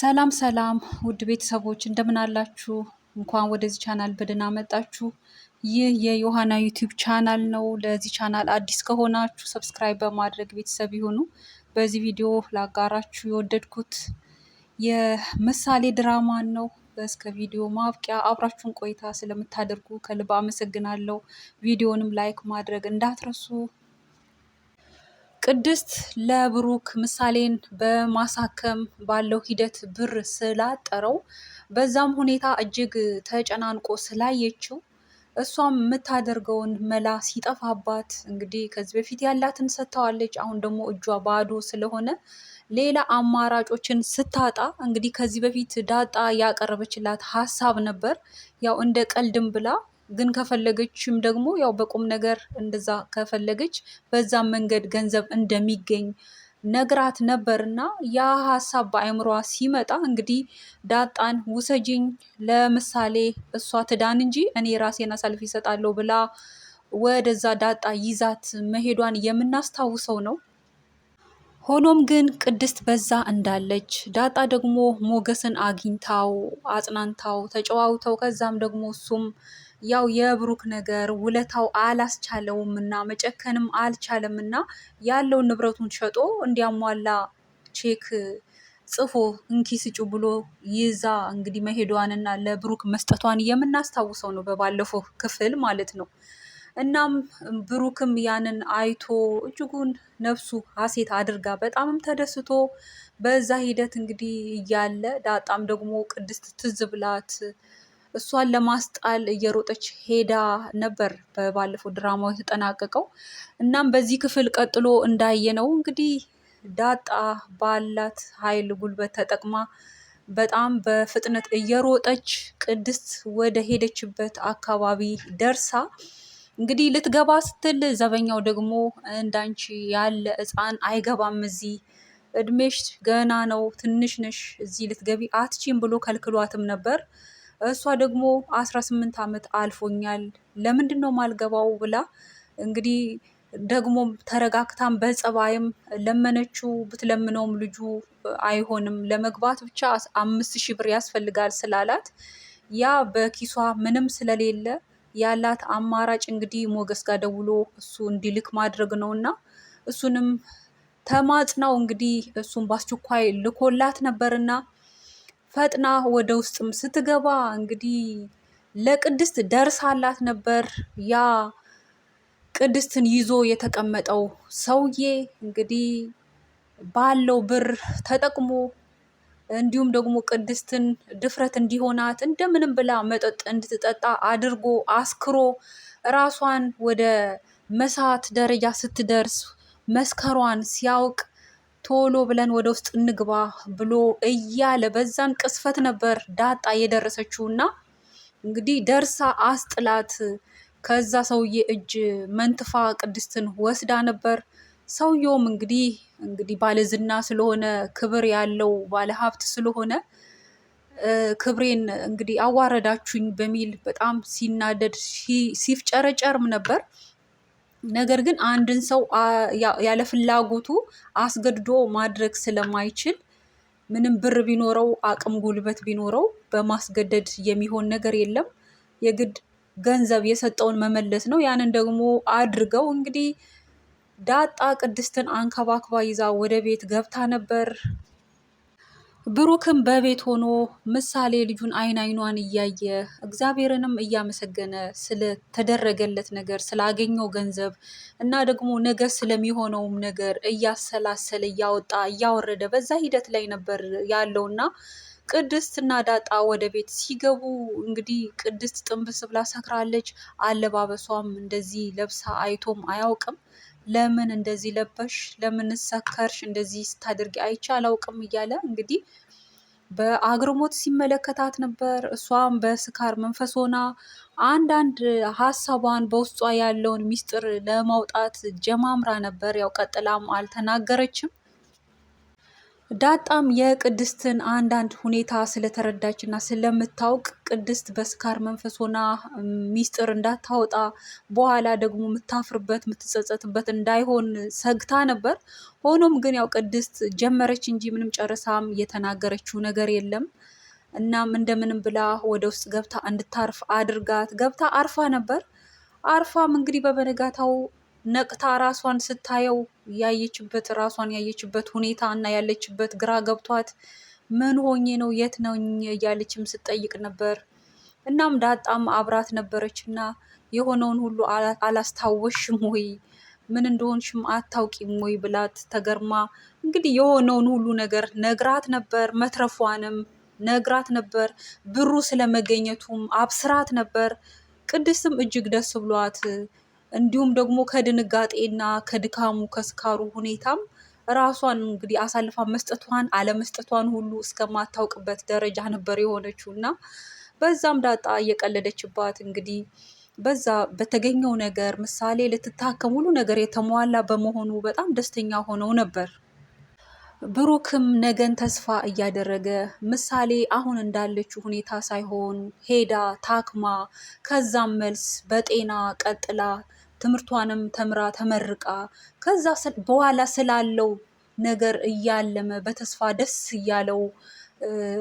ሰላም ሰላም ውድ ቤተሰቦች እንደምን አላችሁ? እንኳን ወደዚህ ቻናል በደህና መጣችሁ። ይህ የዮሃና ዩቲዩብ ቻናል ነው። ለዚህ ቻናል አዲስ ከሆናችሁ ሰብስክራይብ በማድረግ ቤተሰብ ይሁኑ። በዚህ ቪዲዮ ላጋራችሁ የወደድኩት የምሳሌ ድራማን ነው። እስከ ቪዲዮ ማብቂያ አብራችሁን ቆይታ ስለምታደርጉ ከልብ አመሰግናለሁ። ቪዲዮንም ላይክ ማድረግ እንዳትረሱ። ቅድስት ለብሩክ ምሳሌን በማሳከም ባለው ሂደት ብር ስላጠረው በዛም ሁኔታ እጅግ ተጨናንቆ ስላየችው እሷም የምታደርገውን መላ ሲጠፋባት እንግዲህ ከዚህ በፊት ያላትን ሰጥተዋለች። አሁን ደግሞ እጇ ባዶ ስለሆነ ሌላ አማራጮችን ስታጣ እንግዲህ ከዚህ በፊት ዳጣ ያቀረበችላት ሀሳብ ነበር። ያው እንደ ቀልድም ብላ ግን ከፈለገችም ደግሞ ያው በቁም ነገር እንደዛ ከፈለገች በዛ መንገድ ገንዘብ እንደሚገኝ ነግራት ነበር እና ያ ሀሳብ በአእምሯ ሲመጣ እንግዲህ ዳጣን ውሰጅኝ ለምሳሌ እሷ ትዳን እንጂ እኔ ራሴን አሳልፍ ይሰጣለሁ ብላ ወደዛ ዳጣ ይዛት መሄዷን የምናስታውሰው ነው። ሆኖም ግን ቅድስት በዛ እንዳለች ዳጣ ደግሞ ሞገስን አግኝታው አጽናንታው ተጨዋውተው ከዛም ደግሞ እሱም ያው የብሩክ ነገር ውለታው አላስቻለውም እና መጨከንም አልቻለም እና ያለውን ንብረቱን ሸጦ እንዲያሟላ ቼክ ጽፎ እንኪ ስጩ ብሎ ይዛ እንግዲህ መሄዷንና ለብሩክ መስጠቷን የምናስታውሰው ነው በባለፈው ክፍል ማለት ነው። እናም ብሩክም ያንን አይቶ እጅጉን ነፍሱ ሀሴት አድርጋ በጣምም ተደስቶ በዛ ሂደት እንግዲህ እያለ ዳጣም ደግሞ ቅድስት ትዝ ብላት እሷን ለማስጣል እየሮጠች ሄዳ ነበር በባለፈው ድራማው የተጠናቀቀው። እናም በዚህ ክፍል ቀጥሎ እንዳየነው እንግዲህ ዳጣ ባላት ኃይል ጉልበት ተጠቅማ በጣም በፍጥነት እየሮጠች ቅድስት ወደ ሄደችበት አካባቢ ደርሳ እንግዲህ ልትገባ ስትል ዘበኛው ደግሞ እንዳንቺ ያለ ሕፃን አይገባም፣ እዚህ እድሜሽ ገና ነው፣ ትንሽ ነሽ፣ እዚህ ልትገቢ አትችም ብሎ ከልክሏትም ነበር። እሷ ደግሞ አስራ ዓመት አልፎኛል ለምንድን ነው ማልገባው ብላ እንግዲህ ደግሞ ተረጋግታም በጸባይም ለመነችው። ብትለምነውም ልጁ አይሆንም ለመግባት ብቻ አምስት ሺህ ብር ያስፈልጋል ስላላት ያ በኪሷ ምንም ስለሌለ ያላት አማራጭ እንግዲህ ሞገስ ጋር ደውሎ እሱ እንዲልክ ማድረግ ነው እና እሱንም ተማጽናው እንግዲህ እሱን በአስቸኳይ ልኮላት ነበርና ፈጥና ወደ ውስጥም ስትገባ እንግዲህ ለቅድስት ደርሳላት ነበር። ያ ቅድስትን ይዞ የተቀመጠው ሰውዬ እንግዲህ ባለው ብር ተጠቅሞ እንዲሁም ደግሞ ቅድስትን ድፍረት እንዲሆናት እንደምንም ብላ መጠጥ እንድትጠጣ አድርጎ አስክሮ ራሷን ወደ መሳት ደረጃ ስትደርስ መስከሯን ሲያውቅ ቶሎ ብለን ወደ ውስጥ እንግባ ብሎ እያለ በዛን ቅስፈት ነበር ዳጣ እና እንግዲህ ደርሳ አስጥላት ከዛ ሰውዬ እጅ መንትፋ ቅድስትን ወስዳ ነበር። ሰውየውም እንግዲህ እንግዲህ ባለዝና ስለሆነ ክብር ያለው ባለሀብት ስለሆነ ክብሬን እንግዲህ አዋረዳችሁኝ በሚል በጣም ሲናደድ ሲፍጨረጨርም ነበር። ነገር ግን አንድን ሰው ያለ ፍላጎቱ አስገድዶ ማድረግ ስለማይችል ምንም ብር ቢኖረው አቅም ጉልበት ቢኖረው በማስገደድ የሚሆን ነገር የለም። የግድ ገንዘብ የሰጠውን መመለስ ነው። ያንን ደግሞ አድርገው እንግዲህ ዳጣ ቅድስትን አንከባክባ ይዛ ወደ ቤት ገብታ ነበር። ብሩክም በቤት ሆኖ ምሳሌ ልጁን አይን አይኗን እያየ እግዚአብሔርንም እያመሰገነ ስለተደረገለት ነገር ስላገኘው ገንዘብ እና ደግሞ ነገ ስለሚሆነውም ነገር እያሰላሰለ እያወጣ እያወረደ በዛ ሂደት ላይ ነበር ያለው እና ቅድስት እና ዳጣ ወደ ቤት ሲገቡ እንግዲህ ቅድስት ጥንብስ ብላ ሰክራለች። አለባበሷም እንደዚህ ለብሳ አይቶም አያውቅም። ለምን እንደዚህ ለበሽ፣ ለምን ሰከርሽ፣ እንደዚህ ስታደርጊ አይቼ አላውቅም እያለ እንግዲህ በአግርሞት ሲመለከታት ነበር። እሷም በስካር መንፈስ ሆና አንዳንድ ሀሳቧን በውስጧ ያለውን ሚስጥር ለማውጣት ጀማምራ ነበር። ያው ቀጥላም አልተናገረችም። ዳጣም የቅድስትን አንዳንድ ሁኔታ ስለተረዳችና ስለምታውቅ ቅድስት በስካር መንፈስ ሆና ሚስጥር እንዳታወጣ በኋላ ደግሞ የምታፍርበት የምትጸጸትበት እንዳይሆን ሰግታ ነበር። ሆኖም ግን ያው ቅድስት ጀመረች እንጂ ምንም ጨርሳም የተናገረችው ነገር የለም። እናም እንደምንም ብላ ወደ ውስጥ ገብታ እንድታርፍ አድርጋት ገብታ አርፋ ነበር። አርፋም እንግዲህ በበነጋታው ነቅታ ራሷን ስታየው ያየችበት ራሷን ያየችበት ሁኔታ እና ያለችበት ግራ ገብቷት ምን ሆኜ ነው የት ነው እያለችም ስጠይቅ ነበር። እናም ዳጣም አብራት ነበረች እና የሆነውን ሁሉ አላስታወሽም ወይ ምን እንደሆንሽም አታውቂም ወይ ብላት ተገርማ እንግዲህ የሆነውን ሁሉ ነገር ነግራት ነበር። መትረፏንም ነግራት ነበር። ብሩ ስለመገኘቱም አብስራት ነበር። ቅድስትም እጅግ ደስ ብሏት እንዲሁም ደግሞ ከድንጋጤና ከድካሙ ከስካሩ ሁኔታም ራሷን እንግዲህ አሳልፋ መስጠቷን አለመስጠቷን ሁሉ እስከማታውቅበት ደረጃ ነበር የሆነችው እና በዛም ዳጣ እየቀለደችባት እንግዲህ በዛ በተገኘው ነገር ምሳሌ ልትታከም ሁሉ ነገር የተሟላ በመሆኑ በጣም ደስተኛ ሆነው ነበር። ብሩክም ነገን ተስፋ እያደረገ ምሳሌ አሁን እንዳለችው ሁኔታ ሳይሆን ሄዳ ታክማ ከዛም መልስ በጤና ቀጥላ ትምህርቷንም ተምራ ተመርቃ ከዛ በኋላ ስላለው ነገር እያለመ በተስፋ ደስ እያለው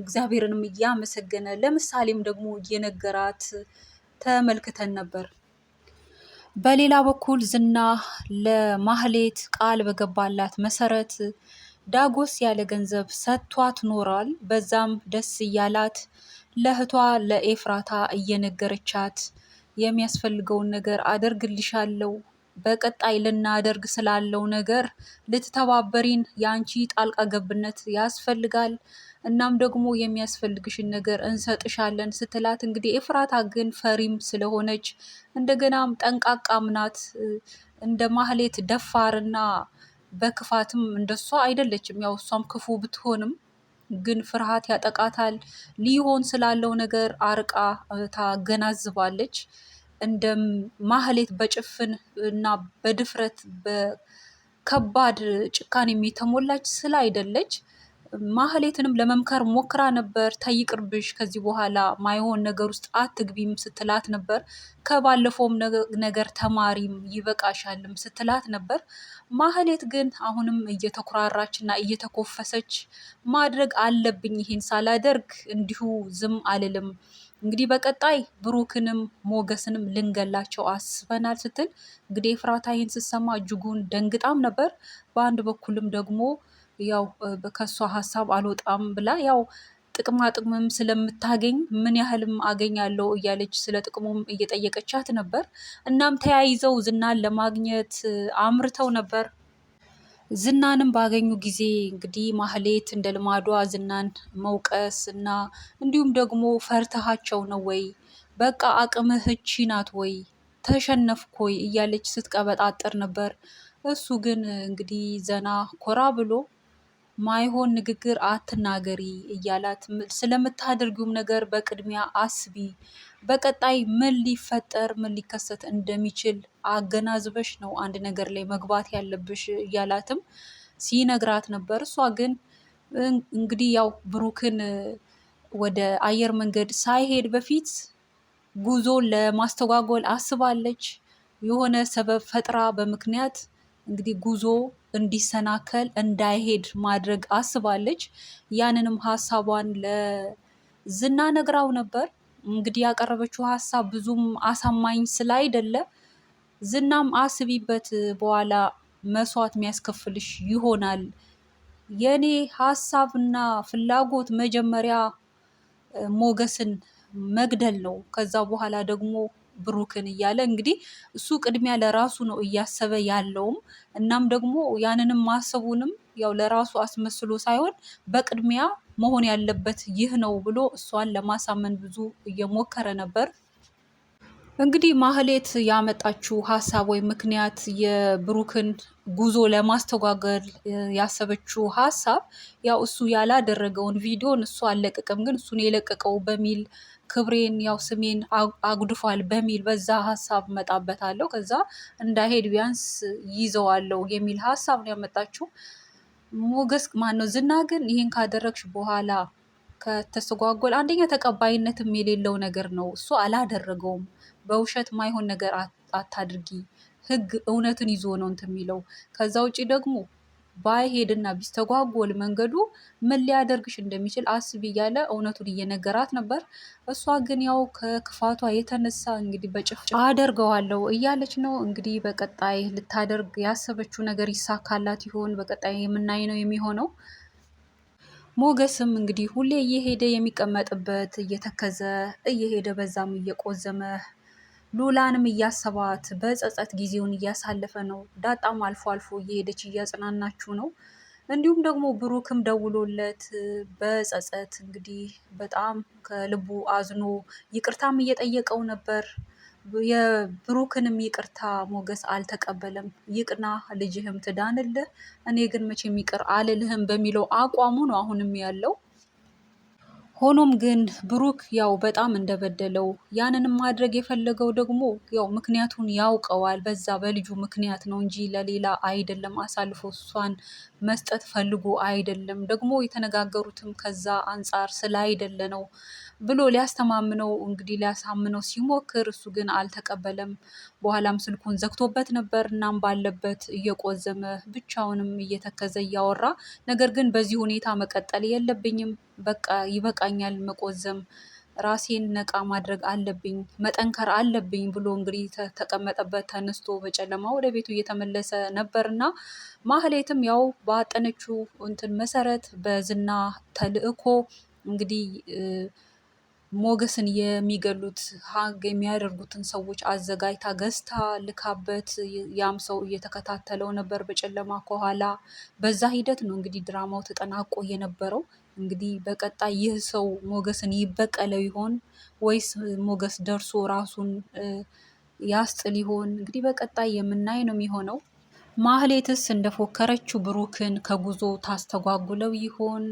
እግዚአብሔርንም እያመሰገነ ለምሳሌም ደግሞ እየነገራት ተመልክተን ነበር። በሌላ በኩል ዝና ለማህሌት ቃል በገባላት መሰረት ዳጎስ ያለ ገንዘብ ሰጥቷት ኖሯል። በዛም ደስ እያላት ለእህቷ ለኤፍራታ እየነገረቻት የሚያስፈልገውን ነገር አደርግልሻለው በቀጣይ ልናደርግ ስላለው ነገር ልትተባበሪን የአንቺ ጣልቃ ገብነት ያስፈልጋል እናም ደግሞ የሚያስፈልግሽን ነገር እንሰጥሻለን ስትላት፣ እንግዲህ ኤፍራታ ግን ፈሪም ስለሆነች እንደገናም ጠንቃቃም ናት እንደ ማህሌት ደፋርና በክፋትም እንደሷ አይደለችም። ያው እሷም ክፉ ብትሆንም ግን ፍርሃት ያጠቃታል። ሊሆን ስላለው ነገር አርቃ ታገናዝባለች። እንደ ማህሌት በጭፍን እና በድፍረት በከባድ ጭካኔ የተሞላች ስላይደለች ማህሌትንም ለመምከር ሞክራ ነበር። ታይቅርብሽ ከዚህ በኋላ ማይሆን ነገር ውስጥ አትግቢም ስትላት ነበር። ከባለፈውም ነገር ተማሪም ይበቃሻልም ስትላት ነበር። ማህሌት ግን አሁንም እየተኩራራች እና እየተኮፈሰች ማድረግ አለብኝ ይሄን ሳላደርግ እንዲሁ ዝም አልልም እንግዲህ በቀጣይ ብሩክንም ሞገስንም ልንገላቸው አስበናል ስትል እንግዲህ ኤፍራታ ይህን ስትሰማ እጅጉን ደንግጣም ነበር። በአንድ በኩልም ደግሞ ያው ከሷ ሀሳብ አልወጣም ብላ ያው ጥቅማ ጥቅምም ስለምታገኝ ምን ያህልም አገኛለሁ እያለች ስለ ጥቅሙም እየጠየቀቻት ነበር። እናም ተያይዘው ዝናን ለማግኘት አምርተው ነበር። ዝናንም ባገኙ ጊዜ እንግዲህ ማህሌት እንደ ልማዷ ዝናን መውቀስ እና እንዲሁም ደግሞ ፈርተሃቸው ነው ወይ በቃ አቅምህ እቺ ናት ወይ ተሸነፍኮይ እያለች ስትቀበጣጥር ነበር። እሱ ግን እንግዲህ ዘና ኮራ ብሎ ማይሆን ንግግር አትናገሪ እያላት ስለምታደርጊውም ነገር በቅድሚያ አስቢ፣ በቀጣይ ምን ሊፈጠር ምን ሊከሰት እንደሚችል አገናዝበሽ ነው አንድ ነገር ላይ መግባት ያለብሽ እያላትም ሲነግራት ነበር። እሷ ግን እንግዲህ ያው ብሩክን ወደ አየር መንገድ ሳይሄድ በፊት ጉዞ ለማስተጓጎል አስባለች። የሆነ ሰበብ ፈጥራ በምክንያት እንግዲህ ጉዞ እንዲሰናከል እንዳይሄድ ማድረግ አስባለች። ያንንም ሀሳቧን ለዝና ነግራው ነበር። እንግዲህ ያቀረበችው ሀሳብ ብዙም አሳማኝ ስላይደለ ዝናም አስቢበት፣ በኋላ መስዋዕት የሚያስከፍልሽ ይሆናል። የኔ ሀሳብና ፍላጎት መጀመሪያ ሞገስን መግደል ነው። ከዛ በኋላ ደግሞ ብሩክን እያለ እንግዲህ እሱ ቅድሚያ ለራሱ ነው እያሰበ ያለውም። እናም ደግሞ ያንንም ማሰቡንም ያው ለራሱ አስመስሎ ሳይሆን በቅድሚያ መሆን ያለበት ይህ ነው ብሎ እሷን ለማሳመን ብዙ እየሞከረ ነበር። እንግዲህ ማህሌት ያመጣችው ሀሳብ ወይም ምክንያት የብሩክን ጉዞ ለማስተጓገል ያሰበችው ሀሳብ ያው እሱ ያላደረገውን ቪዲዮን እሱ አልለቀቅም፣ ግን እሱን የለቀቀው በሚል ክብሬን ያው ስሜን አጉድፏል በሚል በዛ ሀሳብ መጣበታለሁ፣ ከዛ እንዳሄድ ቢያንስ ይዘዋለው የሚል ሀሳብ ነው ያመጣችው። ሞገስ ማን ነው ዝና ግን ይህን ካደረግሽ በኋላ ከተስተጓጎል አንደኛ ተቀባይነትም የሌለው ነገር ነው። እሱ አላደረገውም። በውሸት ማይሆን ነገር አታድርጊ። ህግ እውነትን ይዞ ነው እንትን የሚለው። ከዛ ውጭ ደግሞ ባይሄድና ቢስተጓጎል መንገዱ ምን ሊያደርግሽ እንደሚችል አስቢ እያለ እውነቱን እየነገራት ነበር። እሷ ግን ያው ከክፋቷ የተነሳ እንግዲህ በጭፍጭፍ አደርገዋለሁ እያለች ነው። እንግዲህ በቀጣይ ልታደርግ ያሰበችው ነገር ይሳካላት ይሆን? በቀጣይ የምናይ ነው የሚሆነው። ሞገስም እንግዲህ ሁሌ እየሄደ የሚቀመጥበት እየተከዘ እየሄደ በዛም እየቆዘመ ሉላንም እያሰባት በጸጸት ጊዜውን እያሳለፈ ነው። ዳጣም አልፎ አልፎ እየሄደች እያጽናናችው ነው። እንዲሁም ደግሞ ብሩክም ደውሎለት በጸጸት እንግዲህ በጣም ከልቡ አዝኖ ይቅርታም እየጠየቀው ነበር። የብሩክንም ይቅርታ ሞገስ አልተቀበለም። ይቅና ልጅህም ትዳንልህ፣ እኔ ግን መቼም ይቅር አልልህም በሚለው አቋሙ ነው አሁንም ያለው። ሆኖም ግን ብሩክ ያው በጣም እንደበደለው ያንንም ማድረግ የፈለገው ደግሞ ያው ምክንያቱን ያውቀዋል። በዛ በልጁ ምክንያት ነው እንጂ ለሌላ አይደለም። አሳልፎ እሷን መስጠት ፈልጎ አይደለም። ደግሞ የተነጋገሩትም ከዛ አንጻር አይደለ ነው። ብሎ ሊያስተማምነው እንግዲህ ሊያሳምነው ሲሞክር እሱ ግን አልተቀበለም። በኋላም ስልኩን ዘግቶበት ነበር። እናም ባለበት እየቆዘመ ብቻውንም እየተከዘ እያወራ ነገር ግን በዚህ ሁኔታ መቀጠል የለብኝም፣ በቃ ይበቃኛል መቆዘም ራሴን ነቃ ማድረግ አለብኝ መጠንከር አለብኝ ብሎ እንግዲህ ተቀመጠበት ተነስቶ በጨለማ ወደ ቤቱ እየተመለሰ ነበር እና ማህሌትም ያው ባጠነችው እንትን መሰረት በዝና ተልእኮ እንግዲህ ሞገስን የሚገሉት ሀግ የሚያደርጉትን ሰዎች አዘጋጅታ ገዝታ ልካበት ያም ሰው እየተከታተለው ነበር በጨለማ ከኋላ። በዛ ሂደት ነው እንግዲህ ድራማው ተጠናቆ የነበረው። እንግዲህ በቀጣይ ይህ ሰው ሞገስን ይበቀለው ይሆን ወይስ ሞገስ ደርሶ ራሱን ያስጥል ይሆን? እንግዲህ በቀጣይ የምናይ ነው የሚሆነው። ማህሌትስ እንደፎከረችው ብሩክን ከጉዞ ታስተጓጉለው ይሆን?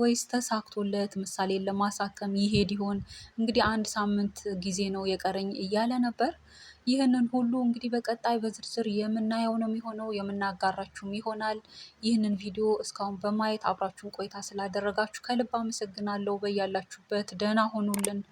ወይስ ተሳክቶለት ምሳሌ ለማሳከም ይሄድ ይሆን? እንግዲህ አንድ ሳምንት ጊዜ ነው የቀረኝ እያለ ነበር። ይህንን ሁሉ እንግዲህ በቀጣይ በዝርዝር የምናየው ነው የሚሆነው፣ የምናጋራችሁም ይሆናል። ይህንን ቪዲዮ እስካሁን በማየት አብራችሁን ቆይታ ስላደረጋችሁ ከልብ አመሰግናለሁ። በያላችሁበት ደህና ሆኑልን።